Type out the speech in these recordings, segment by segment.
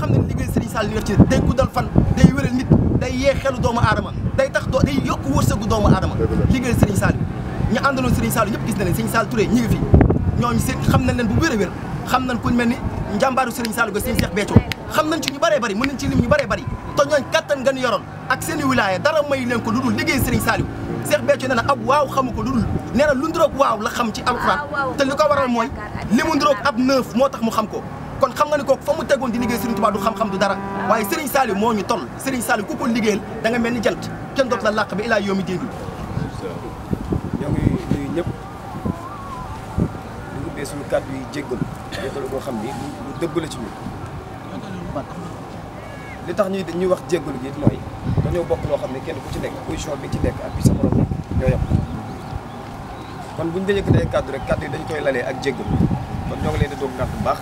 xam ne liggéey Serigne Sall li def ci day fan day wéral nit day yee doomu aadama day tax doo day yokk wërsëgu doomu aadama liggéey Serigne Sall ñu àndaloon Serigne Sall ñëpp na leen Serigne Sall Touré ñi ngi fi ñooñu seen xam nañ leen bu wér a wér xam nañ kuñ mel ni njàmbaaru Serigne Sall go Serigne Cheikh Béthio xam nañ ci ñu bëree bari mën nañ ci lim ñu bëree bëri te ñooñ kattan nga ñu ak seen i wilaaya dara may leen ko lu dul liggéey Serigne Sall Cheikh Béthio nee na ab waaw xamu ko lu dul nee lu nduroog waaw la xam ci alxuraan te li ko waral mooy li mu nduroog ab neuf moo tax mu xam ko kon xam nga ni kooku fa mu tegoon di liggéey Serigne Touba du xam-xam du dara waaye Serigne Saliou moo ñu toll Serigne Saliou ku ko liggéeyal da nga mel ni jant kenn dootu la làq ba ilaa yoomi déegi ñoo ngi nuyu yi jéggal boo xam ni ci ñun li tax ñuy ñuy wax jéggalu gi mooy dañoo bokk loo xam ne kenn ku ci nekk position bi ci nekk ak bi sa morom ñoo yem kon bu ñu dee yëkkatee kàddu rek kàddu yi dañ koy lalee ak jéggalu kon ñoo ngi leen di naat bu baax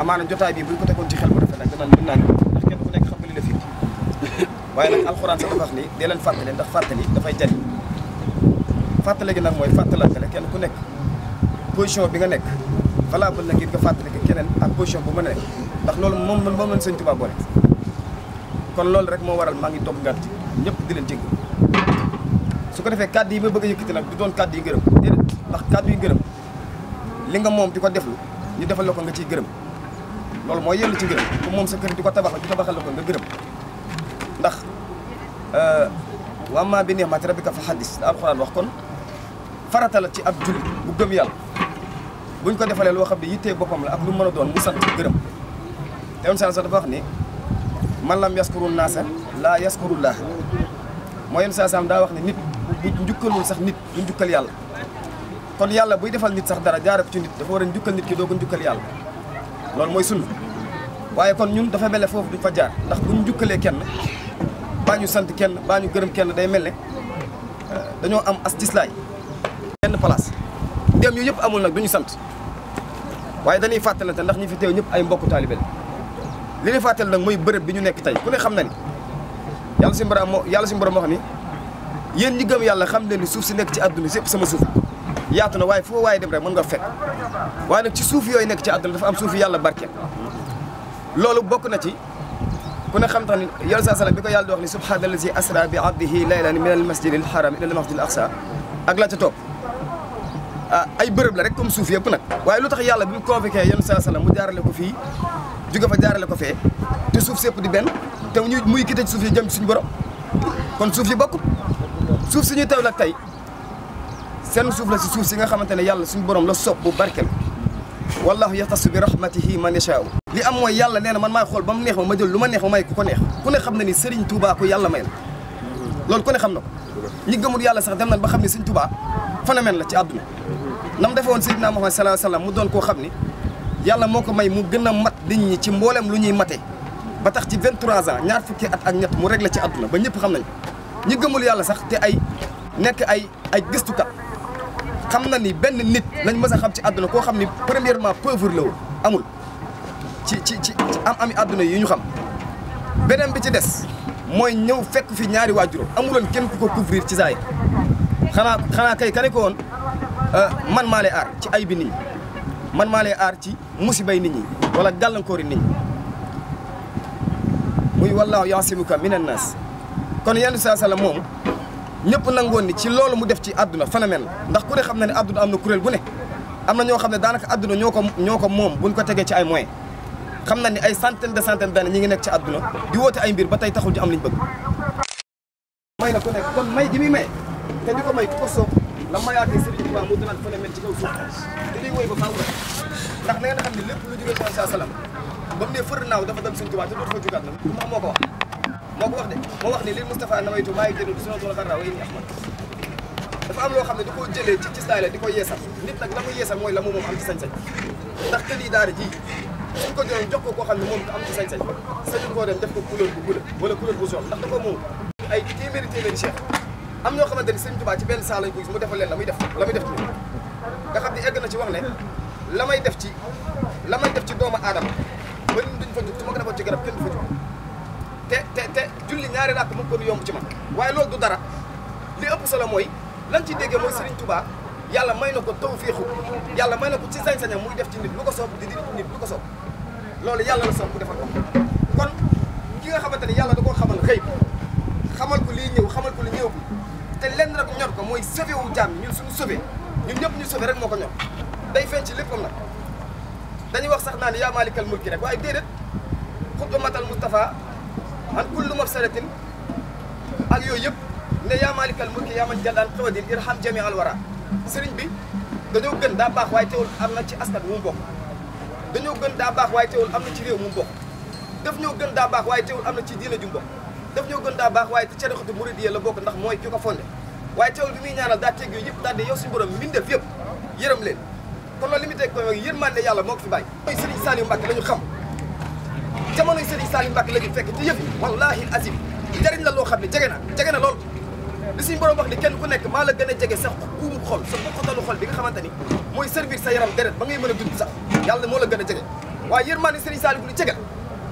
amaana jotaay bi buñ ko tegoon ci xel bu rafet nag danaan mën naa ni ndax kenn ku nekk xam nga li la fii waaye nag alxuraan sax dafa wax ni dee leen fàttali ndax fàttali dafay jariñ fàttale gi nag mooy fàttalante la kenn ku nekk position bi nga nekk valable na ngir fàttali keneen ak position bu mën a ndax loolu moom moom lañ sëñ Tuubaa boole kon loolu rek moo waral maa ngi toog ngànt ñëpp di leen jéggal su ko defee kàddu yi ma bëgg a yëkkati la du doon kàddu yi gërëm déedéet ndax kàddu yi gërëm li nga moom di ko deflu ñu defal la ko nga ciy gërëm loolu mooy yëll ci ngërëm moom sa kër di ko tabaxal di tabaxal la ko nga gërëm ndax euh, wa ammaa bi ni'mati rabbika fa haddis la alxuraan wax kon farata la ci ab jullit bu gëm yàlla buñ ko defalee loo xam ne yittee boppam la ak lu mën a doon mu sant gërëm te yoon saa dafa wax ni man lam yaskuru naasa laa yaskuru laaha mooy yoon saa daa wax ne nit bu njukkalul sax nit du njukkal yàlla kon yàlla buy defal nit sax dara jaaree ko ci nit dafa nit ki doo njukkal yàlla loolu mooy sunna waaye kon ñun dafa mel ne foofu duñ fa jaar ndax bu ñu njukkalee kenn baa ñu sant kenn baa ñu gërëm kenn day mel ne euh, dañoo am as tislaay benn place dem yooyu yëpp amul nag ñu sant waaye dañuy fàttalante ndax ñi fi teew ñëpp ay mbokku taalibe la li nag mooy bërëb bi ñu nekk tey ku ne xam na ni yàlla si mborom yàlla si mborom moo xam ni yéen ñi gëm yàlla xam leen ni suuf si nekk ci àdduna si yëpp sama suuf yaatu na waaye foo waaye dem rek mën nga fekk waaye nag ci suuf yooyu nekk ci àdduna dafa am suuf yàlla barkeel loolu bokk na ci ku ne xam tax ni yàlla saa salaam bi ko yàlla di wax ni subhaana si asra bi abdihi laylan min al masjid al haram ila al masjid al aqsa ak la ca topp ah, ay bërëb la rek comme suuf yëpp nag waaye lu tax yàlla bi mu convoqué yàlla saa salaam mu jaarale ko fii jóge fa jaarale ko fee te suuf sépp di benn te ñu muy kite ci suuf yi jëm ci suñu borom kon suuf yi bokkut suuf taw nag tey seen suuf la si suuf si nga xamante ne yàlla suñu borom la sopp bu barkeel wallahu yaxtasu bi rahmatihi man yashaa li am mooy yàlla nee na man maay xool ba mu neex ma ma jël lu ma neex ma may ku ko neex ku ne xam na ni Serigne Touba ko yàlla may la loolu ku ne xam na ko ñi gëmul yàlla sax dem nañ ba xam ne Serigne Touba phénomène la ci àdduna nam defe woon Seydina Muhammad sallallahu alayhi wasallam mu doon koo xam ni yàlla moo ko may mu gën a mat nit ñi ci mboolem lu ñuy matee ba tax ci 23 ans ñaar fukki at ak ñett mu réglé ci àdduna ba ñëpp xam nañ ñi gëmul yàlla sax te ay nekk ay ay gëstukat xam na ni benn nit lañ mës a xam ci àdduna koo xam ni premièrement pauvre la woon amul ci ci ci am ami àdduna yi ñu xam beneen bi ci des mooy ñëw fekk fi ñaari waajuram amuloon kenn ku ko couvrir ci saa xanaa xanaa kay kane woon euh, man maa lay aar ci ay bi ñi man maa lay aar ci musibay ni ñi wala gàllankoori nit ñi muy wallaahu yaasimuka minan naas kon yenn saa moom ñëpp nangoon ni ci loolu mu def ci àdduna phénomène la ndax ku ne xam na ne àdduna am na kuréel bu ne am na ñoo xam ne daanaka adduna ñoo ko ñoo ko moom buñ ko tegee ci ay moyens xam na ni ay centaine de centaine d'années ñi ngi nekk ci adduna di woote ay mbir ba tey taxul ñu am liñ bëgg may na muy may te ko may ko soob la mayaatee Sëriñ Tuubaa ci kaw suuf te liy woy ba ne lépp lu dafa dem Sëriñ Tuubaa te dootu fa jugaat ko moo ko wax de moo wax ne li Moustapha nawaytu maa ngi jënd suratul xarra wa inni ahmad dafa am loo xam ne da koo jëlee ci ci la di ko yeesal nit nag la ko yeesal mooy la mu moom am ci sañ-sañ ko jëloon jox koo xam ne moom am ci sañ-sañ sañu koo dem def ko couleur bu bleu wala couleur bu jaune ndax da ko moom ay téeméeri téeméeri cheikh am ñoo xamante ni Sëriñ Tuubaa ci benn saa lañ ko mu defal leen la muy def la muy def ci nga xam ne egg na ci wax ne la may def ci la may def ci doomu aadama ba ñun duñ fa jug su ma ko ci te te te julli ñaari rakk mu gën yomb ci man waaye loolu du dara li ëpp solo mooy lan ci déggee mooy Serigne Touba yàlla may na ko tawféexu yàlla may na ko ci sañ-sañam muy def ci nit lu ko soob di di nit lu ko soob loolu yàlla la soob bu defal ko kon ki nga xamante ne yàlla da koo xamal xëy xamal ko liy ñëw xamal ko li ñëw te lenn rek ñor ko mooy sauvé wu ñun suñu sauvé ñu ñëpp ñu sauvé rek moo ko ñor day feeñ ci léppam nag dañuy wax sax naa ne yaa maalikal mulki rek waaye déedéet xutba matal Moustapha ak kullu mafsalatin ak yooyu yëpp ne yaa maalikal mulki yaa man jàllal xawadin irham jami al wara sëriñ bi dañoo gën daa baax waaye teewul am na ci askan wu mu dañoo gën daa baax waaye teewul am na ci réew mu bokk daf ñoo gën daa baax waaye teewul am na ci diina ju daf ñoo gën daa baax waaye ci cerixatu muridiyya la bokk ndax mooy ki ko fonde waaye teewul bi muy ñaanal daa teg yooyu yëpp daal di yow suñu borom mbindeef yëpp yërëm leen kon loolu li mu teg ko yooyu yërmande yàlla moo ko fi bàyyi mooy sëriñ Saliou jamonoy Serigne Saliou Mbacké la ñu fekk ci yëf yi wallaahi azim jëriñ la loo xam ne jege na jege na lool li suñu borom wax ni kenn ku nekk maa la gën a jege sax kuumu xol sa xoxotalu xol bi nga xamante ni mooy servir sa yaram deret ba ngay mën a dund sax yàlla moo la gën a jege waaye yërmaande Serigne Saliou bu ñu jege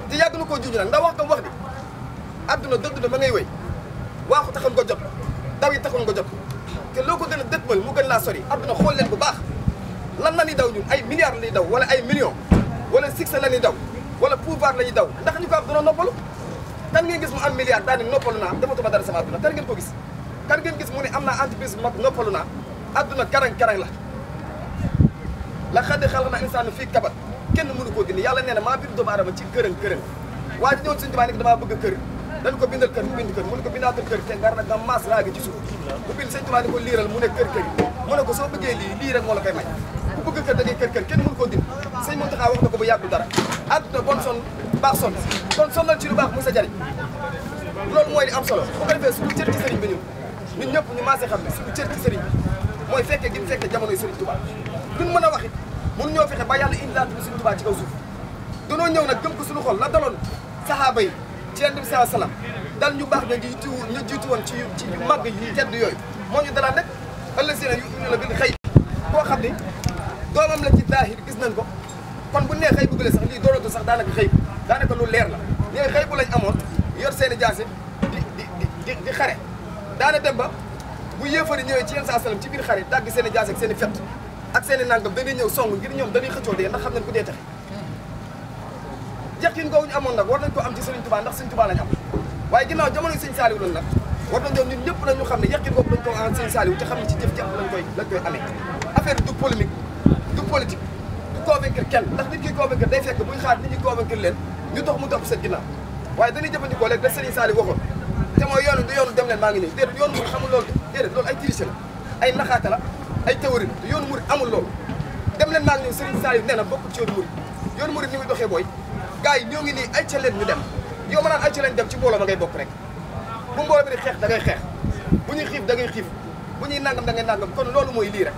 te yàgg na koo juuju nag ndax wax kam wax bi adduna dëdd na ba ngay wéy waaxu taxoon ko jot daw yi taxoon ko jot te loo ko gën a dëtmal mu gën laa sori adduna xool leen bu baax lan la ñuy daw ñun ay milliards la daw wala ay millions wala six la ñuy daw wala pouvoir la ñuy daw ndax ñu ko am danoo noppalu kan ngeen gis mu am milliard daal di noppalu naa dematuma dara sama adduna kan ngeen ko gis kan ngeen gis mu ne am na entreprise bu mag noppalu naa adduna karang-karang la la xaddi xalq na insaanu fii kabat kenn mënu koo gindi yàlla nee na maa bind doomu aadama ci gërën gërën waa ji ñëwoon suñu tubaab nekk damaa kër dañ ko bindal kër mu bind kër mu ne ko bindaatal kër te ngar nag maas raagi ci mu bind sëñ ko liiral lii rek moo la koy may bëgg kër da ngay kër kër kenn mënu koo dim sëñ Mountakha wax na ko bu yàggul dara àdduna bon son baax son kon sonnal ci lu baax mu sa jariñ loolu mooy li am solo bu ko defee suñu cër ci sëriñ bi ñëpp ñu maasee xam ne suñu cër ci sëriñ bi mooy fekkee gi mu fekkee jamonoy sëriñ Touba duñ mën a wax mun ñoo fexe ba yàlla indilaat ñu sëriñ Touba ci kaw suuf danoo ñëw nag gëm suñu xol la daloon sahaaba yi ci yonent bi saa salaam dal ñu baax na ñu jiitu ñu jiitu woon ci ci màgg yi tedd yooyu moo ñu dalaan nag ëllëg seen yu la gën xëy koo xam ne doomam la ci daahir gis nañ ko kon bu nee xëy bu gële sax lii doolatu sax daanaka xëy daanaka lu leer la nee xëy bu lañ amoon yor seen i jaase di di di di xare daana dem ba bu yéefari ñëwee ci yenn saa salaam ci biir xare dagg seen i jaase ak seen i fett ak seen i nangam dañuy ñëw song ngir ñoom dañuy xëccoo dee ndax xam nañ ko dee taxe yaqin googu ñu amoon nag war nañ ko am ci Serigne Touba ndax Serigne Touba lañ am waaye ginnaaw jamono yi Serigne Saliou lan nag war nañoo ñun ñëpp nañu xam ne yaqin googu dañ ko am Serigne Saliou te xam ne ci jëf-jëf lañ koy lañ koy amee affaire du polémique politique du convaincre kenn ndax nit ki convaincre day fekk muy xaar nit ñi convaincre leen ñu tax mu topp seen ginnaaw waaye dañuy jëfandikoo léegi da Serigne Saliou waxoon te mooy yoonu leen maa ngi nii déedéet yoonu murid xamul loolu déedéet loolu ay triche la ay naxaate la ay théorie te yoonu murid amul dem leen maa ngi nii Serigne Saliou nee na bokkul ci yoonu murid yoonu murid ni muy doxee booy gars yi ñoo ngi nii ay ca leen ñu dem yow ma naan ay ca dem ci mbooloo ma ngay bokk rek bu mbooloo bi xeex da ngay xeex bu ñu xiif da ngay xiif bu ñuy nangam da ngay nangam kon loolu mooy lii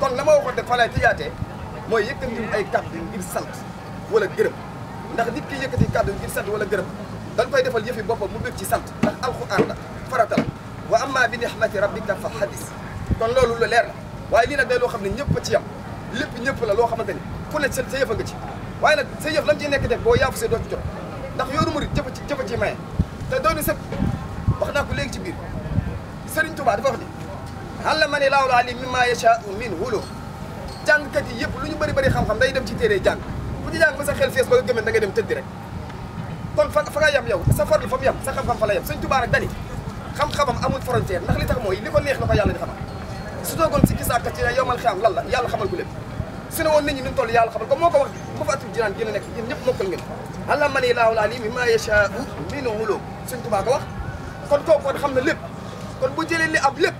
kon la ma waxoon de fa lay mooy yëkkatil ay kàddu ngir sant wala gërëm ndax nit ki yëkkati kàddu ngir sant wala gërëm dañ koy defal yëfi boppam mu bëgg ci sant ndax alxuraan la farata la wa amma bi nihmati rabbika fa hadis kon loolu lu leer la waaye lii nag dee loo xam ne ñëpp ci yam lépp ñëpp la loo xamante ni ku ne sa sa yëf a nga ci waaye nag sa yëf lam ciy nekk def boo yaafusee doo ci jot ndax yoonu murit jëf ci jëfa ci maye te dooni sët wax naa ku léegi ci biir Serigne Touba dafa wax ni àlla ma ne laawul alim mimma yashaa'u min hulu jàngkat yi yëpp lu ñu bëri bëri xam-xam day dem ci téere jàng bu ñu jàng ba sa xel fees ba nga gëmee da ngay dem tëdd rek kon fa fa nga yem yow sa farlu fa mu yem sa xam-xam fa la yem sëñ Tuubaa rek dani xam-xamam amul frontière ndax li tax mooy li ko neex la ko yàlla di xamal su toogoon si gisakat yi ne yow mal xeam lan la yàlla xamal ko lépp su ne woon nit ñi nu toll yàlla xamal ko moo ko wax ko fa atub jinaan gën a nekk yéen ñëpp mokkal ngeen alla man ilaahu alimi ma yashaa minu ulum sëñ Tuubaa ko wax kon kooku kon xam na lépp kon bu jëlee li ab lépp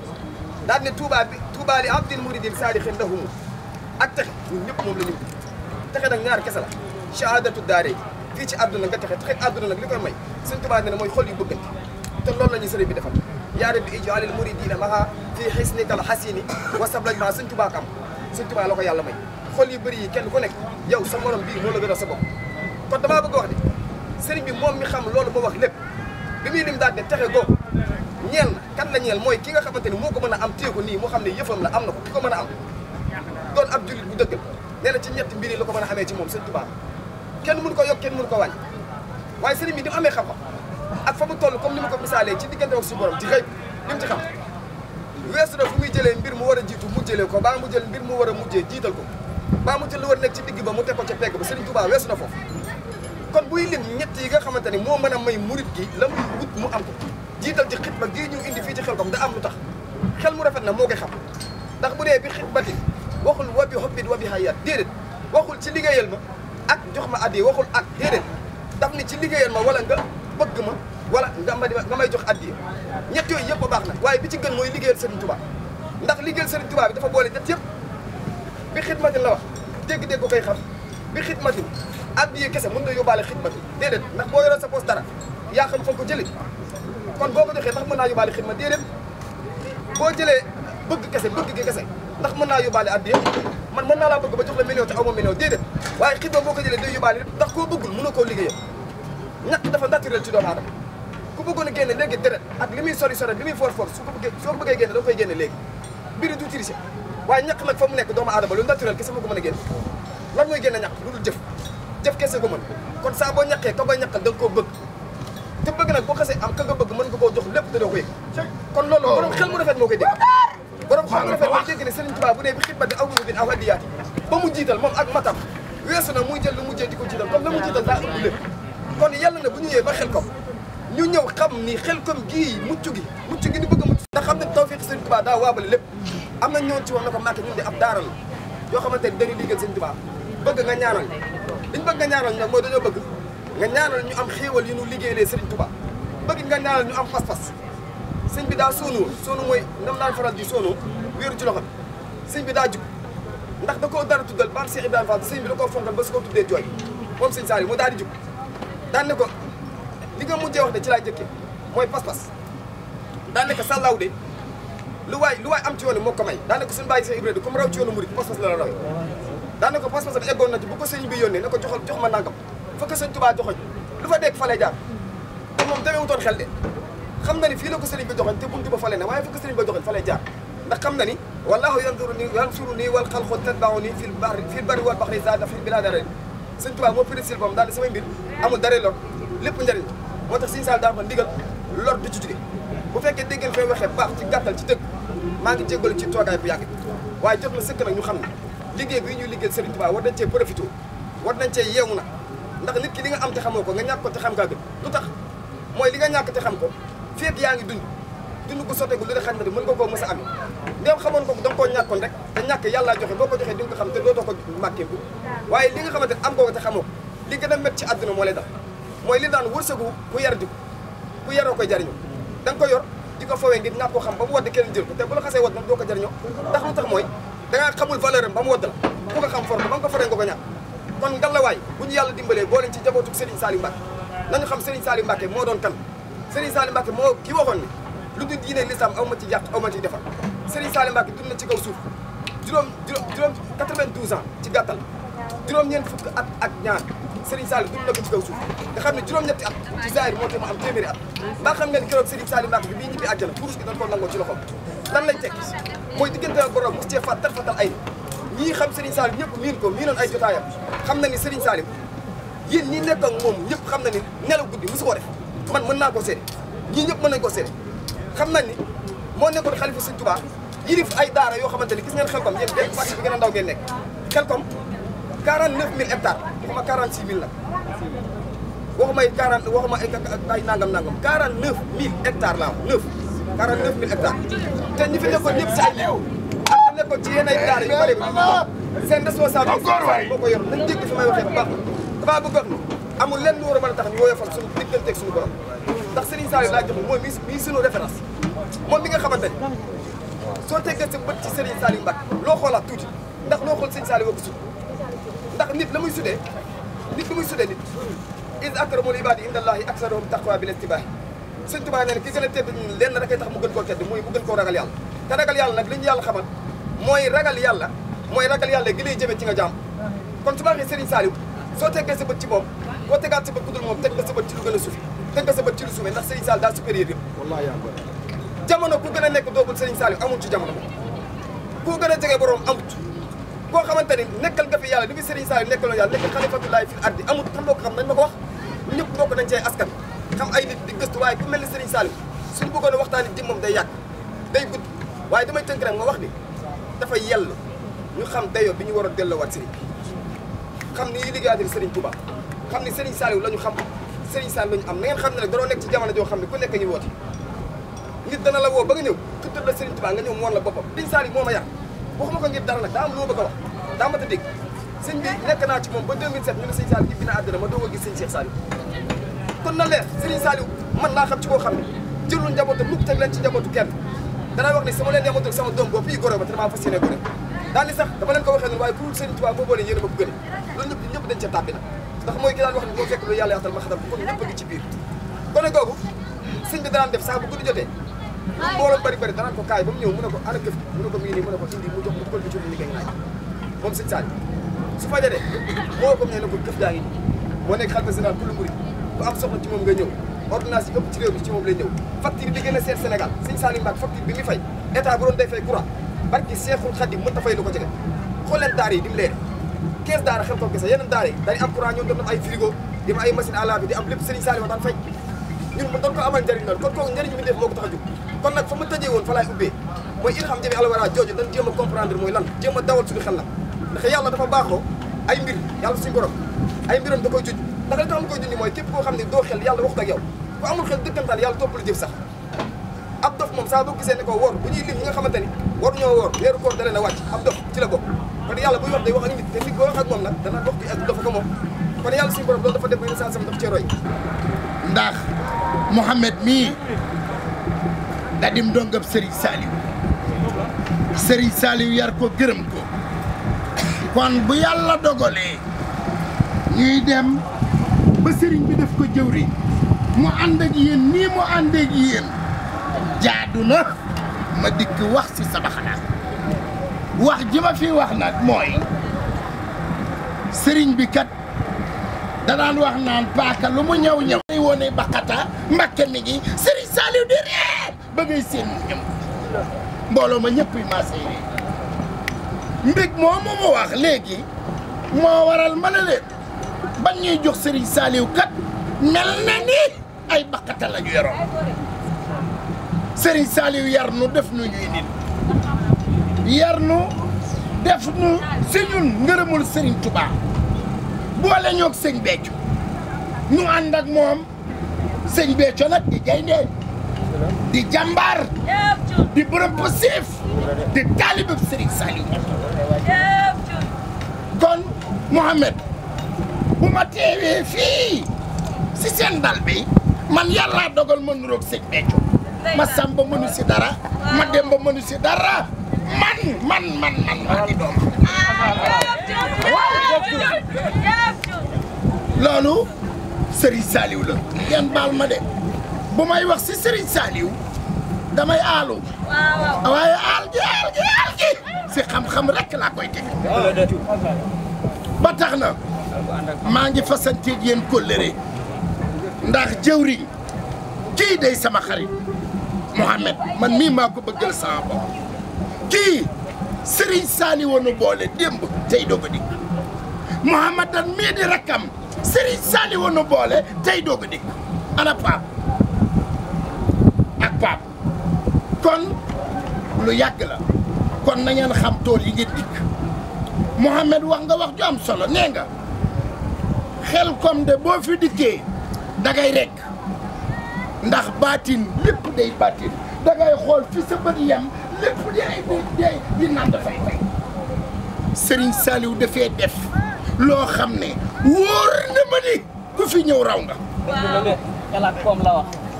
daal ne Tuubaa bi Tuubaa li abdin muridin saadixin lahumu ak texe ñun ñëpp moom la ñu texe nag ñaar kese la shahadatu daare fii ci àdduna nga texe texe àdduna nag li koy may Sëñ Tuubaa ne ne mooy xol yu bëggante te loolu la ñu sëriñ bi defal yaa rabbi ij'alil muridina maha fii xisnikal hasini wa sablaj ma Sëñ Tuubaa kam Sëñ la ko yàlla may xol yu bëri yi kenn ku nekk yow sa morom bii moo la gën sa bopp kon damaa bëgg wax ne sëriñ bi moom mi xam loolu ba wax lépp bi muy lim daal ne texe googu ñeel na kan la mooy ki nga xamante ni moo ko mën a am téye nii moo xam ne yëfam na ko mën a doon ab jullit bu dëgg nee na ci ñetti mbir yi la ko mën a xamee ci moom sëñ Tuubaa kenn mënu ko yokk kenn mënu ko wàññi waaye sëriñ bi di mu amee xam ma ak fa mu toll comme ni ma ko misaalee ci diggante ak su borom ci xëy li mu ci xam weesu na fu muy jëlee mbir mu war a jiitu mu jëlee ko baa mu jël mbir mu war a mujjee jiital ko baa mu jël lu war nekk ci digg ba mu teg ko ca pegg ba sëriñ Tuubaa weesu na foofu kon buy lim ñett yi nga xamante ni moo mën a may murit gi la muy wut mu am jiital ci xitba gii ñu indi fii ci xel kom da am tax xel mu rafet na moo koy xam ndax bu dee bi xitbati waxul wa bi xobbit wa bi xayaat déedéet waxul ci liggéeyal ma ak jox ma addi waxul ak déedéet daf ni ci liggéeyal ma wala nga bëgg ma wala nga ma nga may jox addi ñett yooyu yëpp baax na waaye bi ci gën mooy liggéeyal Serigne ndax liggéeyal Serigne Touba dafa boole ñett yëpp bi xidmatin la wax dégg-dégg ko koy xam bi xidmatin addi kese mën na yóbbaale xidmatin déedéet ndax boo yoroon sa poos dara yaa xam fa ko jëlee kon boo ko joxee ndax mën naa yóbbaale xidma déedéet boo jëlee bëgg kese bëgg gi ndax mën naa yóbbaale addiya man mën naa laa bëgg ba jox la million te aw ma million déedéet waaye xidma boo ko jëlee day yóbbaale lépp ndax koo bëggul mënoo koo dafa naturel ci doomu aadama ku bëggoon a génne léegi deret ak li muy sori sori li muy for for su ko bëggee soo ko bëggee génne da nga koy génne léegi mbiri du waaye ñàkk nag fa mu nekk doomu aadama lu naturel kese moo ko mën a génne lan mooy génne ñàkk lu dul jëf jëf kese ko mën kon saa boo ñàkkee ka koy koo bëgg te bëgg nag boo xasee mën koo jox lépp te doo ko yëg kon loolu oh. borom xel mu borom xam rafet ba dégg ne Serigne Touba bu ne bi xitbati aw bin aw hadiyaati ba mu jiital moom ak matam weesu na muy jël lu mujjee di ko jiital comme la mu jiital daa ëpp lépp kon yàlla na bu ñu ñëwee ba xel kom ñu ñëw xam ni xel kom gii mucc gi mucc gi ni bëgg a mucc ndax xam ne tawfiq Serigne Touba daa waabale lépp am na ñoon ci wax na ko Mbacké ñun di ab daaral yoo xamante ni dañu liggéey Serigne Touba bëgg nga ñaanal liñ bëgg nga ñaanal nag mooy dañoo bëgg nga ñaanal ñu am xéewal yi ñu liggéeylee Serigne Touba bëgg nga ñaanal ñu am pas-pas sëñ bi daa sóonoo sóonu mooy nam daan faral di sóonoo wéeru ci loxo bi daa jug ndax da koo dara tuddal baal Cheikh Ibrahima Fall sëñ bi da koo fonkal ba su ko tuddee jooy moom sëñ Saliou mu daal di jug daan ne ko li mu mujjee wax de ci laa jëkke mooy pas-pas daan ne ko sàllaaw de lu waay lu waay am ci moo ko may daan ne ko suñu bàyyi Cheikh Ibrahima comme raw ci yoonu la la rawee daan ko pas-pas bi eggoon na ci bu ko sëñ bi ko joxal jo ma nangam fekk sëñ Tuubaa joxoñ lu fa fa lay moom demee wutoon xam na ni fii la bi doxal te buntu ba fale na waaye fa ko sëriñ ba doxal fa lay jaar ndax xam na ni wallaahu yanduru ni wal xalqu tatba'u nii fil bahri fil barri wal bahri zaada bilaa dara sëñ Tuubaa moo précisé bam daal di samay mbir amul dara lor lépp njëriñ moo tax sëñ Saal daa ko ndigal lor du ci bu fekkee dégg ngeen fay baax ci gàttal ci dëgg maa ngi jéggalu ci toogaay bu yàgg waaye jot na sëkk nag ñuy liggéey sëriñ Tuubaa war nañ cee profité war nañ cee na ndax nit ki li nga am te xamoo ko nga ñàkk ko te xam kaa gën lu tax mooy li xam ko fépp yaa ngi dund dund ko sotteeku li nga xam ne mën nga koo mës a am ndéem xamoon ko da nga koo ñàkkoon rek te ñàkk yàllaa joxe boo ko joxee di nga ko xam te dootoo ko màkkeeku waaye li nga xamante ne ko te xamoo li gën a métti ci àdduna moo lay dal mooy li daan ko ku yaroo koy da nga ko yor di ko fawee xam ba mu wadd kenn jël ko te bu la xasee wadd moom doo ko jariñoo ndax lu tax mooy da nga xamul valeur ba mu wadd la ku ko xam for ko ba nga ko faree ko boo leen ci jabootu Serigne Saliou Mbacké moo doon kan Serigne Saliou Mbacké moo ki waxoon ne lu dul diine lislaam aw ma ci yàq defar Serigne Saliou Mbacké dund na ci kaw suuf juróom juróom 92 ans ci gàttal juróom-ñeent fukk at ak ñaar Serigne Saliou dund na ko ci kaw suuf nga xam ne juróom-ñetti at ci zaahir moo tax mu am téeméeri at mbaa xam ngeen keroog Serigne Saliou Mbacké bi bii ñibbi àjjana kurus gi dañ ko nangoo ci loxoom lan lañ teg mooy diggante ak borom mos cee faat xam ñëpp xam na ni Serigne Saliou yéen ñi nekk ak moom ñëpp xam na ni nelaw guddi mosu ko man mën naa ko seede ñii ñëpp mën nañ ko seede xam nañ ni moo nekkoon xalifa sëñ Tuubaa yilif ay daara yoo xamante ni gis ngeen xelkom yéen benn parti bi gën a ndaw ngeen nekk xelkom 49000 hectares waxuma 46000 la waxuma ay 40 waxuma ay nangam nangam 49000 hectares laa wax 9 49000 hectares te ñi fi nekkoon ñëpp si ay néew ak nekkoon ci yenn ay daara yu bëri seen responsable boo ko yor nañ dégg fi may waxee bu baax dafa bëgg amul lenn lu war a mën a tax ñu woyofal suñu digganteeg suñu borom ndax Serigne Saliou laa jox mooy mii mii suñu référence moom mi nga xamante soo teggee sa bët ci Serigne Saliou loo xoolaat tuuti ndax loo xool Serigne woo ko sut ndax nit la muy sudee nit lu muy sudee nit is akramul ibaadi indallahi aksaruhum taqwa bil ittibaahi Sëñ Tuubaa nee na gën a tedd ñun lenn rek ay tax mu gën koo tedd muy mu gën koo ragal yàlla te ragal yàlla nag li ñu yàlla ragal yàlla mooy ragal yàlla gi lay jëmee ci nga jaam kon su ma waxee Serigne soo teggee sa bët ci moom boo tegaat sa bët ku dul moom teg nga sa bët ci lu gën a suufi teg nga sa bët ci lu suufi ndax Serigne Sall daal supérieur yëpp wallaahi yaa ngi jamono ku gën a nekk doogul Serigne Sall amul ci jamono ku gën a jege borom amut koo xamante ni nekkal nga fi yàlla li fi Serigne Sall nekkaloon yàlla nekk xalifatullaahi fil ardi amut xam loo ko xam nañ ma ko wax ñëpp bokk nañ ci ay askan xam ay nit di gëstu waaye ku mel ni Serigne Sall suñu bëggoon a waxtaani jëm moom day yàgg day gudd waaye damay tënk rek nga wax ni dafa yell ñu xam dayo bi ñu war a delloowaat Serigne bi xam ni liggéeyaate Serigne Touba xam ne Serigne Saliou la ñu xam Serigne Saliou la ñu xam ne ku nekk ñu woote nit dana la woo ba nga ñëw tuddal la Serigne Touba nga ñëw mu la boppam Serigne Saliou moo ma yar waxuma ko ngir dara nag daa am lu ma bëgg a wax daa ma ta dégg sëñ bi nekk ba 2007 ñu ne ma doog a xam ci koo xam ne jëlul njabootu mukk teg leen ci njabootu kenn danaa wax ne sama leen yamatul sama doom boobu fii goro ba te damaa fas yéene gore daal ni sax dama leen ko waxee noonu waaye ndax mooy ki daan wax ne boo fekk lu yàlla yaatal ma xadam kon ñëpp a ngi ci biir gone googu sëñ bi danaan def saa bu guddi jotee lu mbooloo bari bari danaan ko kaay ba mu ñëw mu ne ko ana këf mu ne ko mii nii mu ne ko indi mu jox mu dugal bi ci mu liggéey naaj moom sëñ Sadio su fajaree moo ko ne ko këf daa ngi nii moo nekk xalifa général kullu murid bu am soxla ci moom nga ñëw ordonnance yi ëpp ci réew mi ci moom lay ñëw facture bi gën a seet Sénégal sëñ Saliou Mbacke facture bi muy fay état bu doon day fay courant barki Seexul Xadim mën ta fay lu ko jege xool leen taar yi di mu leer 15 daara xam toog kese yeneen daara yi dañu am courant ñoom ay frigo di ay machine à laver di lépp Serigne Saliou daan fay ñun mu doon ko amal njëriñ loolu kon kooku njëriñ bi def moo ko tax a jóg kon nag fa ma tëjee woon fa laay mooy il xam jëmi alwara jooju dañ jéem a comprendre mooy lan jéem dawal suñu xel la ndax yàlla dafa baaxoo ay mbir yàlla suñu ay mbiram da koy juj ndax li tax mu koy juj mooy képp koo xam ne doo xel yàlla waxut ak yow ko wor bu yàlla buy wax day wax ak nit te nit boo wax ndax Mouhamed mii da dim dongab Serigne Saliou Serigne yar ko gërëm ko kon bu yàlla dogalee ñuy dem ba sëriñ bi def ko jëwriñ mu ànd ak yéen nii mu ànd ak yéen jaadu na ma dikk wax ci sama wax ji ma fi wax nag mooy sëriñ bi kat danaan wax naan paaka lu mu ñëw ñëw day wone baqata mbakke mi ngi sëriñ Saliou di reer ba ngay seen ñëm mbooloo ma ñëpp yi maa sey ree mbig moo mu wax léegi moo waral ma ne leen ban ñuy jox sëriñ Saliou kat mel na ni ay baqata la ñu yoroon sëriñ Saliou yar nu def nu ñuy nit yar nu def nu si ñun ngërëmul sëriñ Tubaa boole ñoog sëñ Béthio ñu ànd moom sëñ Béthio nag di gaynde di jàmbaar di borom positif di taalibe sëriñ Saliou kon Mohamed bu teewee fii si seen dal bi man yàllaa dogal ma nuroog sëñ Béthio ma sàmba mënu si dara ma demba mënu si dara man man man man maa ngi doom loolu Serigne Saliou la yan baal ma de bu may wax si Serigne Saliou damay aalu waaye aal gi aal gi aal gi si xam-xam rek laa koy teg ba tax na maa ngi fasanteeg yéen kóllëre ndax jëwriñ kii day sama xarit Mouhamed man mii maa ko bëggal sama bopp kii Serigne Sali woonu boole démb tey doog a dikk Mouhamadan mii di rakkam Serigne Sali woonu boole tey doog a dikk ana Pape ak Pape kon lu yàgg la kon na ngeen xam tool yi ngeen dikk Mouhamed wax nga wax ju am solo nee nga xel kom de boo fi dikkee dangay rekk ndax baatin lépp day baatin dangay xool fi sa bët lépp di ay di ay di naan dafay fay Serigne Saliou dafee def loo xam ne wóor na ma ni ku fi ñëw raw nga.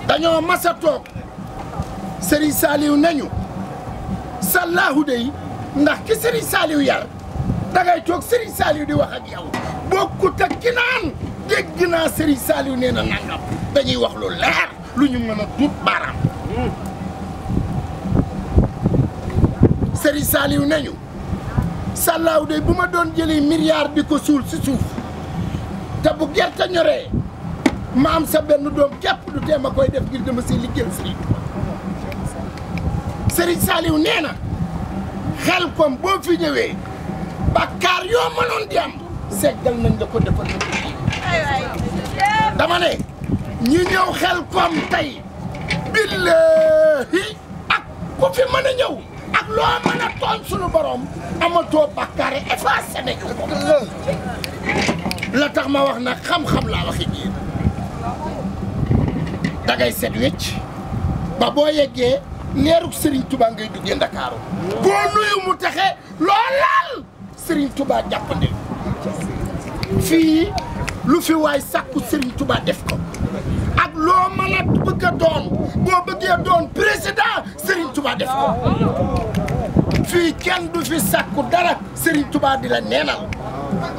dañoo mas a toog Serigne Saliou nañu sallaahu dey ndax ki Serigne Saliou yar dangay toog Serigne Saliou di wax ak yow. bokkut ak ki naan dégg naa Serigne Saliou nee na nangam dañuy wax lu leer lu ñu mën a duut baaraam. Serigne Saliou nañu sàllaaw de bu ma doon jëlee milliard di ko suul si suuf te bu gerte ñoree maam am sa benn doom képp du tee koy def ngir dama si liggéeyal Serigne Touba Serigne nee na xel kom boo fi ñëwee bakkaar yoo mënoon di am seggal nañ la ko defal dama ne ñi ñëw xel kom tey billahi ak ku fi mën a ñëw ak loo mën a tooñ sunu borom amatoo bàkkaare effacé nañu la tax ma wax nag xam-xam laa waxi yéen dangay set wecc ba boo yeggee neeruk sëriñ Touba ngay duggee Ndakaaru boo nuyu mu taxe loo laal Serigne Touba jàppandil fii lu fi waay sàkku Serigne Touba def ko ak loo mën a bëgg doon boo bëggee doon def ko fii kenn du fi sàkku dara Serigne Touba di la neenal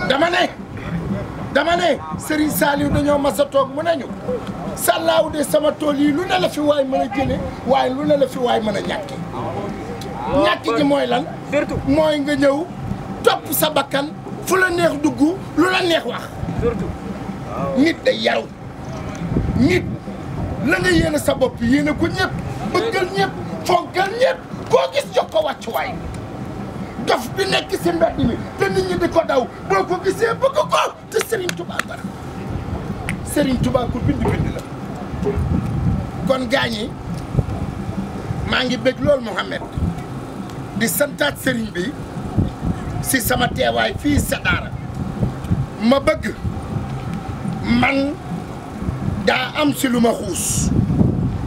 dama ne dama ne Serigne Saliou dañoo mas a toog mu nañu sàllaaw de sama tool yi lu ne la fi waay mën a jële waaye lu ne la fi waay mën a ñàkki ñàkk gi mooy lan mooy nga ñëw topp sa bakkan fu la neex dugg lu la neex wax nit day yaru nit la nga yéene sa bopp yéene ko ñëpp bëggal ñëpp fongal ñëpp koo gis jox ko wàccuwaay dof bi nekk si mbedd mi te nit ñi di ko daw boo ko gisee bëgg ko te Serigne Touba bara Serigne Touba ku bind bind la kon gaañi maa ngi bëgg loolu Mouhamed di santaat Serigne bi si sama teewaay fii sa daara ma bëgg man daa am si lu ma xuus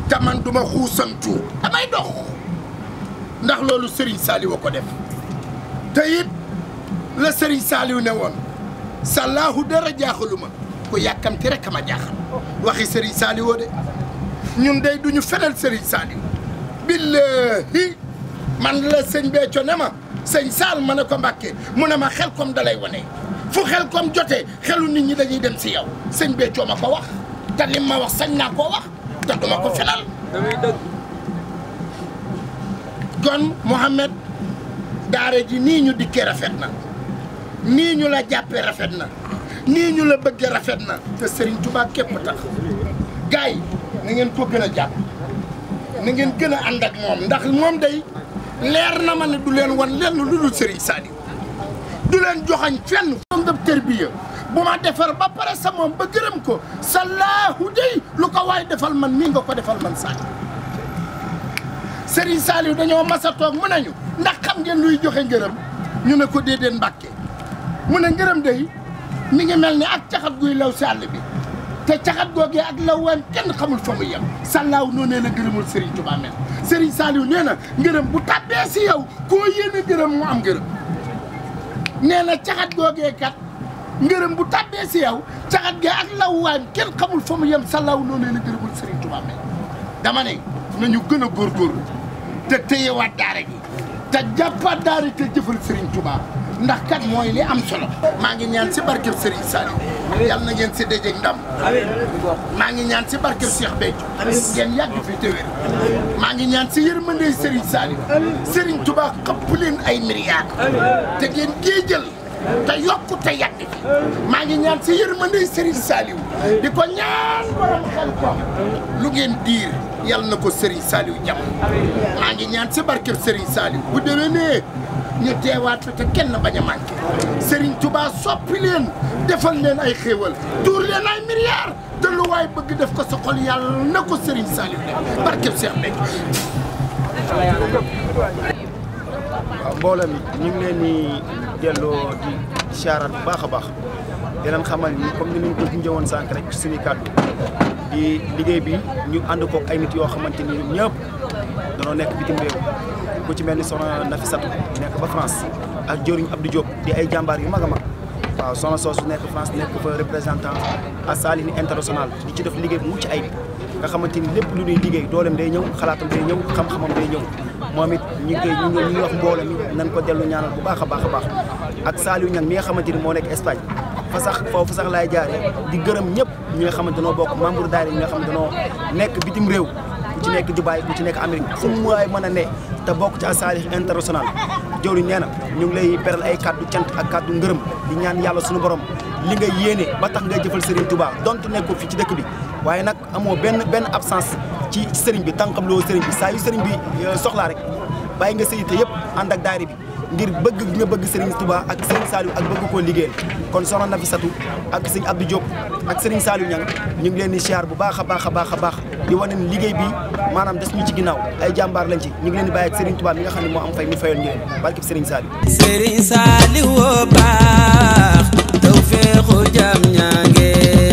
te man du ma xuusantu damay dox ndax loolu Serigne Saliou ko def te la Serigne Saliou ne woon salaahu dara jaaxalu ma ku yàkkamti rek ma jaaxal waxi Serigne Saliou de ñun day duñu fenal Serigne Saliou billahi man la sëñ Béthio ma sëñ Saal ma ne ko Mbàkke mu ne ma xel kom dalay wane fu xel kom jotee xelu nit ñi dañuy dem si yow sëñ Béthio ma ko wax te lim ma wax sañ naa koo wax te duma ko fenal kon Mouhamed daare ji nii ñu dikkee rafet na nii ñu la jàppee rafet na nii ñu la bëggee rafet na te Serigne Touba képp tax gars yi na ngeen ko gën a jàpp na ngeen gën a ànd ak moom ndax moom day leer na ma ne du leen wan lenn lu dul Serigne Saliou du leen joxañ fenn. moom daf tërbiya bu ma defar ba pare sa moom ba gërëm ko sa laahu dey lu ko waay defal man nii nga ko defal man sañ Serigne Saliou dañoo mas a toog mu nañu ndax xam ngeen luy joxe ngërëm ñu ne ko déedéet mbàkke mu ne ngërëm dey mi ngi mel ni ak caxat guy law si àll bi te caxat googee ak lawwaan kenn xamul fa mu yem sàllaaw noo nee la gërëmul Serigne Touba mel Serigne Saliou nee na ngërëm bu tàbbee si yow koo yéene ngërëm mu am ngërëm nee na caxat googee ngërëm bu tàbbee si yow caxat gi ak lawwaan kenn xamul fa mu yem sa law noonu la gërëmul Serigne Touba mel dama ne nañu gën a góorgóorlu te téyewaat daara gi te jàppaat daara te jëfal Serigne Touba ndax kat mooy li am solo maa ngi ñaan si barkeb Serigne Saliou yàlla na ngeen si dajeeg ndam maa ngi ñaan si barkeb Cheikh Béthio ngeen yàgg fi te wér maa ngi ñaan si yërmande Serigne Saliou Serigne Touba xëpp leen ay miliyaar te ngeen géejal te yokku te yàgg maa ngi ñaan si yërmande Serigne Saliou di ko ñaan borom xel ko lu ngeen diir yal na ko Serigne Saliou jàmm maa ngi ñaan si barkeb Serigne Saliou bu déwénee ñu teewaat te kenn bañ a manqué Serigne Touba soppi leen defal leen ay xéewal tuur ay milliards te lu bëgg def ko sa xol yàlla na ko Serigne Saliou def barkeb Cheikh Mbacke. waaw mbooloo mi ñu ngi delloo di siyaaraat bu baax a baax di leen xamal ni comme ni ñu ko njëwoon sànq rek ci suñu kàddu di liggéey bi ñu ànd kook ay nit yoo xamante ni ñun ñëpp danoo nekk bitim réew ku ci mel ni soxna Nafisatu nekk ba France ak jëriñ Abdou Diop di ay jàmbaar yu mag a mag waaw soxna soosu nekk France nekk fa représentant à Saline international di ci def liggéey bu mucc ayib nga xamante ni lépp lu ñuy liggéey dooleem day ñëw xalaatam day ñëw xam-xamam day ñëw moom it ñu ngi koy ñu ngi wax mbooloo mi nañ ko dellu ñaanal bu baax a baax a baax ak Saliou Niang mi nga xamante ni moo nekk Espagne fa sax foofu sax laay jaaree di gërëm ñëpp ñi nga xamante noo bokk membre daayira ñi nga xamante noo nekk bitim réew ku ci nekk Dubaï ku ci nekk Amérique fu mu waay mën a ne te bokk ci Assaalih International jowri nee na ñu ngi lay beral ay kàddu cant ak kàddu ngërëm di ñaan yàlla suñu borom li nga yéene ba tax ngay jëfal Serigne Touba donte nekkul fi ci dëkk bi waaye nag amoo benn benn absence ci sëriñ bi tànqam loo sëriñ bi saa yu bi soxlaa rek bàyyi nga sa yitte yëpp ànd ak daari bi ngir bëgg nga bëgg sëriñ Touba ak sëriñ Saliou ak bëgg koo liggéeyal kon soxna na fi satu ak sëriñ Abdou Diop ak sëriñ Saliou Niang ñu ngi leen di siyaar bu baax a baax a baax a baax di wane ne liggéey bi maanaam des ñu ci ginnaaw ay jàmbaar lañ ci ñu ngi leen di bàyyi ak sëriñ Touba mi nga xam ne moo am fay mu fayoon ngeen barkib sëriñ Saliou sëriñ Saliou baax taw feexu jam ñaange